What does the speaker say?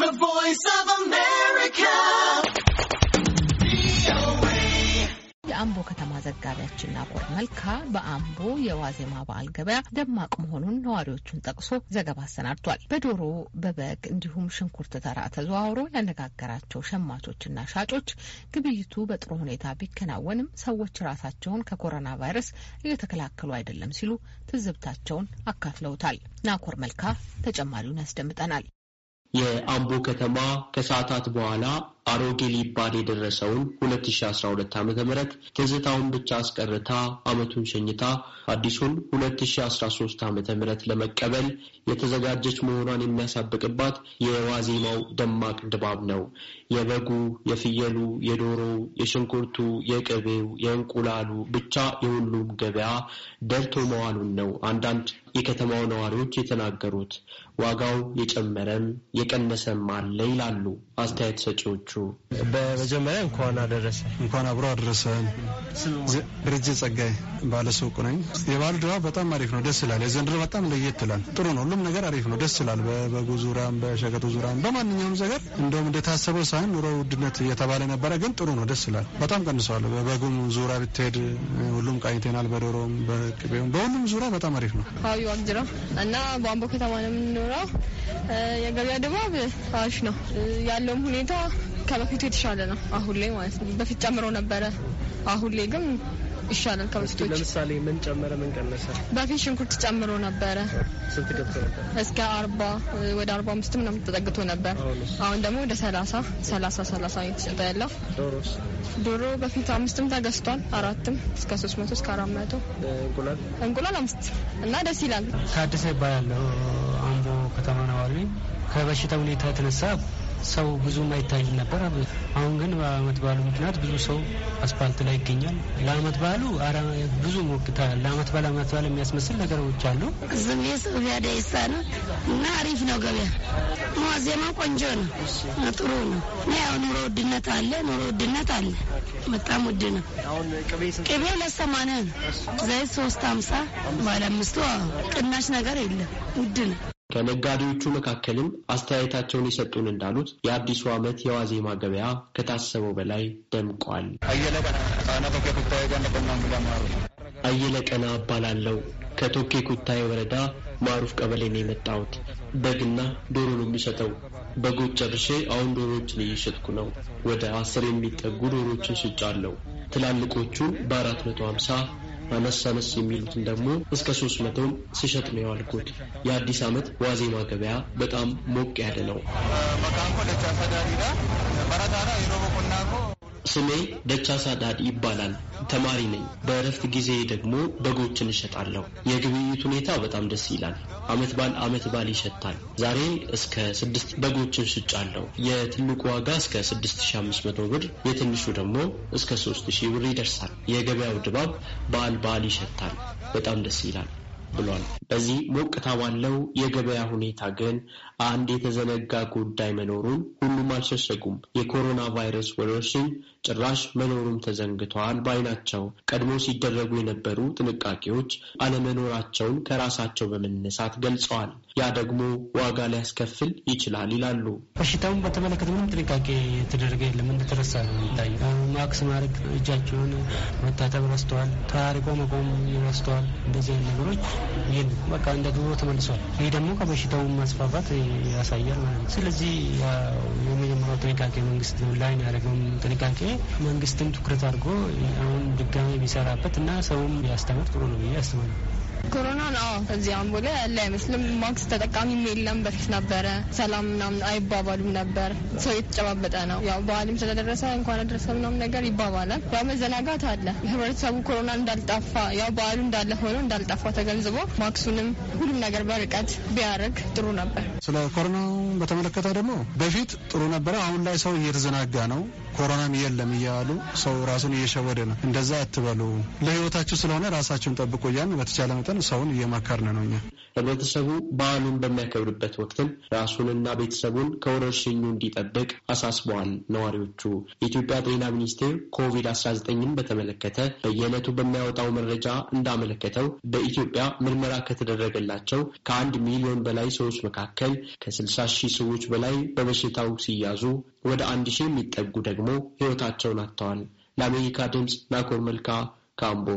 The Voice of America. የአምቦ ከተማ ዘጋቢያችን ናቆር መልካ በአምቦ የዋዜማ በዓል ገበያ ደማቅ መሆኑን ነዋሪዎቹን ጠቅሶ ዘገባ አሰናድቷል። በዶሮ በበግ እንዲሁም ሽንኩርት ተራ ተዘዋውሮ ያነጋገራቸው ሸማቾችና ሻጮች ግብይቱ በጥሩ ሁኔታ ቢከናወንም ሰዎች ራሳቸውን ከኮሮና ቫይረስ እየተከላከሉ አይደለም ሲሉ ትዝብታቸውን አካፍለውታል። ናኮር መልካ ተጨማሪውን ያስደምጠናል። የአምቦ ከተማ ከሰዓታት በኋላ አሮጌ ሊባል የደረሰውን 2012 ዓ ም ትዝታውን ብቻ አስቀርታ ዓመቱን ሸኝታ አዲሱን 2013 ዓ ም ለመቀበል የተዘጋጀች መሆኗን የሚያሳብቅባት የዋዜማው ደማቅ ድባብ ነው። የበጉ፣ የፍየሉ፣ የዶሮው፣ የሽንኩርቱ፣ የቅቤው፣ የእንቁላሉ ብቻ የሁሉም ገበያ ደርቶ መዋሉን ነው አንዳንድ የከተማው ነዋሪዎች የተናገሩት። ዋጋው የጨመረም የቀነሰም አለ ይላሉ አስተያየት ሰጪዎቹ። ናችሁ? በመጀመሪያ እንኳን አደረሰ እንኳን አብሮ አደረሰን። ድርጅት ጸጋይ ባለሱቅ ነኝ። የበዓሉ ድባብ በጣም አሪፍ ነው፣ ደስ ይላል። የዘንድሮ በጣም ለየት ይላል። ጥሩ ነው፣ ሁሉም ነገር አሪፍ ነው፣ ደስ ይላል። በበጉ ዙሪያም በሸቀጡ ዙሪያም በማንኛውም ነገር እንደውም እንደታሰበው ሳይሆን ኑሮ ውድነት እየተባለ ነበረ፣ ግን ጥሩ ነው፣ ደስ ይላል። በጣም ቀንሰዋል። በበጉም ዙሪያ ብትሄድ ሁሉም ቃኝቴናል። በዶሮም በቅቤውም በሁሉም ዙሪያ በጣም አሪፍ ነው። ሀዊ ዋቅጅራ እና በአምቦ ከተማ ነው የምንኖረው። የገበያ ድባብ አሪፍ ነው ያለውም ሁኔታ ከበፊቱ የተሻለ ነው አሁን ላይ ማለት ነው። በፊት ጨምሮ ነበረ፣ አሁን ላይ ግን ይሻላል ከበፊቶች። ለምሳሌ ምን ጨመረ? ምን ቀነሰ? በፊት ሽንኩርት ጨምሮ ነበረ። ስንት ገብቶ ነበር? እስከ አርባ ወደ አርባ አምስት ምናምን ተጠግቶ ነበር። አሁን ደግሞ ወደ ሰላሳ ሰላሳ ሰላሳ የተሸጠ ያለው ዶሮ በፊት አምስትም ተገዝቷል አራትም እስከ ሶስት መቶ እስከ አራት መቶ እንቁላል እንቁላል አምስት እና ደስ ይላል። ታደሰ ይባላለሁ። አምቦ ከተማ ነዋሪ ከበሽታ ሁኔታ የተነሳ ሰው ብዙም አይታይ ነበር። አሁን ግን በአመት በዓሉ ምክንያት ብዙ ሰው አስፋልት ላይ ይገኛል። ለአመት በዓሉ ብዙ ሞቅታ ለአመት በዓል አመት በዓል የሚያስመስል ነገሮች አሉ። ስሜ ሶፊያ ደይሳ ነው እና አሪፍ ነው ገበያ ዜማ ቆንጆ ነው፣ ጥሩ ነው። ያው ኑሮ ውድነት አለ፣ ኑሮ ውድነት አለ። በጣም ውድ ነው። ቅቤ ሁለት ነው። ዘይት ሶስት ሀምሳ ባለ አምስቱ ቅናሽ ነገር የለም፣ ውድ ነው። ከነጋዴዎቹ መካከልም አስተያየታቸውን የሰጡን እንዳሉት የአዲሱ ዓመት የዋዜማ ገበያ ከታሰበው በላይ ደምቋል። አየለ ቀና እባላለሁ። ከቶኬ ኩታዬ ወረዳ ማሩፍ ቀበሌ ነው የመጣሁት። በግና ዶሮ ነው የሚሸጠው። በጎች ጨርሼ አሁን ዶሮዎችን እየሸጥኩ ነው። ወደ አስር የሚጠጉ ዶሮዎችን ሽጫለሁ። ትላልቆቹን በአራት መቶ ሀምሳ አነስ አነስ የሚሉትን ደግሞ እስከ ሶስት መቶም ስሸጥ ነው የዋልኩት። የአዲስ ዓመት ዋዜማ ገበያ በጣም ሞቅ ያለ ነው። ስሜ ደቻሳ ዳድ ይባላል። ተማሪ ነኝ። በእረፍት ጊዜ ደግሞ በጎችን እሸጣለሁ። የግብይት ሁኔታ በጣም ደስ ይላል። አመት ባል አመት ባል ይሸጣል። ዛሬ እስከ ስድስት በጎችን ሽጫለሁ። የትልቁ ዋጋ እስከ መቶ ብር፣ የትንሹ ደግሞ እስከ ሺህ ብር ይደርሳል። የገበያው ድባብ በዓል በዓል ይሸታል። በጣም ደስ ይላል። ብሏል። በዚህ ሞቅታ ባለው የገበያ ሁኔታ ግን አንድ የተዘነጋ ጉዳይ መኖሩን ሁሉም አልሸሸጉም። የኮሮና ቫይረስ ወረርሽኝ ጭራሽ መኖሩም ተዘንግተዋል ባይ ናቸው። ቀድሞ ሲደረጉ የነበሩ ጥንቃቄዎች አለመኖራቸውን ከራሳቸው በመነሳት ገልጸዋል። ያ ደግሞ ዋጋ ሊያስከፍል ይችላል ይላሉ። በሽታውን በተመለከተ ምንም ጥንቃቄ የተደረገ የለም። እንደተረሳ ነው ማክስ ማድረግ፣ እጃቸውን መታጠብ ረስተዋል። ተራርቆ መቆም ረስተዋል። እንደዚህ ነገሮች ይህም በቃ እንደ ድሮ ተመልሷል። ይህ ደግሞ ከበሽታው ማስፋፋት ያሳያል ማለት ነው። ስለዚህ የመጀመሪያው ጥንቃቄ መንግስት ላይ ያደረገውም ጥንቃቄ መንግስትም ትኩረት አድርጎ አሁን ድጋሚ ቢሰራበት እና ሰውም ያስተምር ጥሩ ነው ብዬ አስባለሁ። ኮሮና አዎ፣ እዚህ አምቦ ላይ ያለ አይመስልም። ማክስ ተጠቃሚም የለም። በፊት ነበረ ሰላም ምናምን አይባባሉም ነበር። ሰው የተጨባበጠ ነው። ያው በዓልም ስለደረሰ እንኳን አደረሰ ምናምን ነገር ይባባላል። ያው መዘናጋት አለ። ህብረተሰቡ ኮሮና እንዳልጠፋ ያው በዓሉ እንዳለ ሆኖ እንዳልጠፋ ተገንዝቦ ማክሱንም ሁሉም ነገር በርቀት ቢያደርግ ጥሩ ነበር። ስለ ኮሮናው በተመለከተ ደግሞ በፊት ጥሩ ነበረ። አሁን ላይ ሰው እየተዘናጋ ነው። ኮሮናም የለም እያሉ ሰው ራሱን እየሸወደ ነው። እንደዛ አትበሉ፣ ለህይወታችሁ ስለሆነ ራሳችሁን ጠብቆ እያን በተቻለ መጠን መጠን ሰውን እየመከርን ነው። እኛ ህብረተሰቡ በዓሉን በሚያከብርበት ወቅትም ራሱንና ቤተሰቡን ከወረርሽኙ እንዲጠብቅ አሳስበዋል ነዋሪዎቹ። የኢትዮጵያ ጤና ሚኒስቴር ኮቪድ-19ን በተመለከተ በየዕለቱ በሚያወጣው መረጃ እንዳመለከተው በኢትዮጵያ ምርመራ ከተደረገላቸው ከአንድ ሚሊዮን በላይ ሰዎች መካከል ከ60 ሺህ ሰዎች በላይ በበሽታው ሲያዙ ወደ አንድ ሺህ የሚጠጉ ደግሞ ህይወታቸውን አጥተዋል። ለአሜሪካ ድምፅ ናኮር መልካ ካምቦ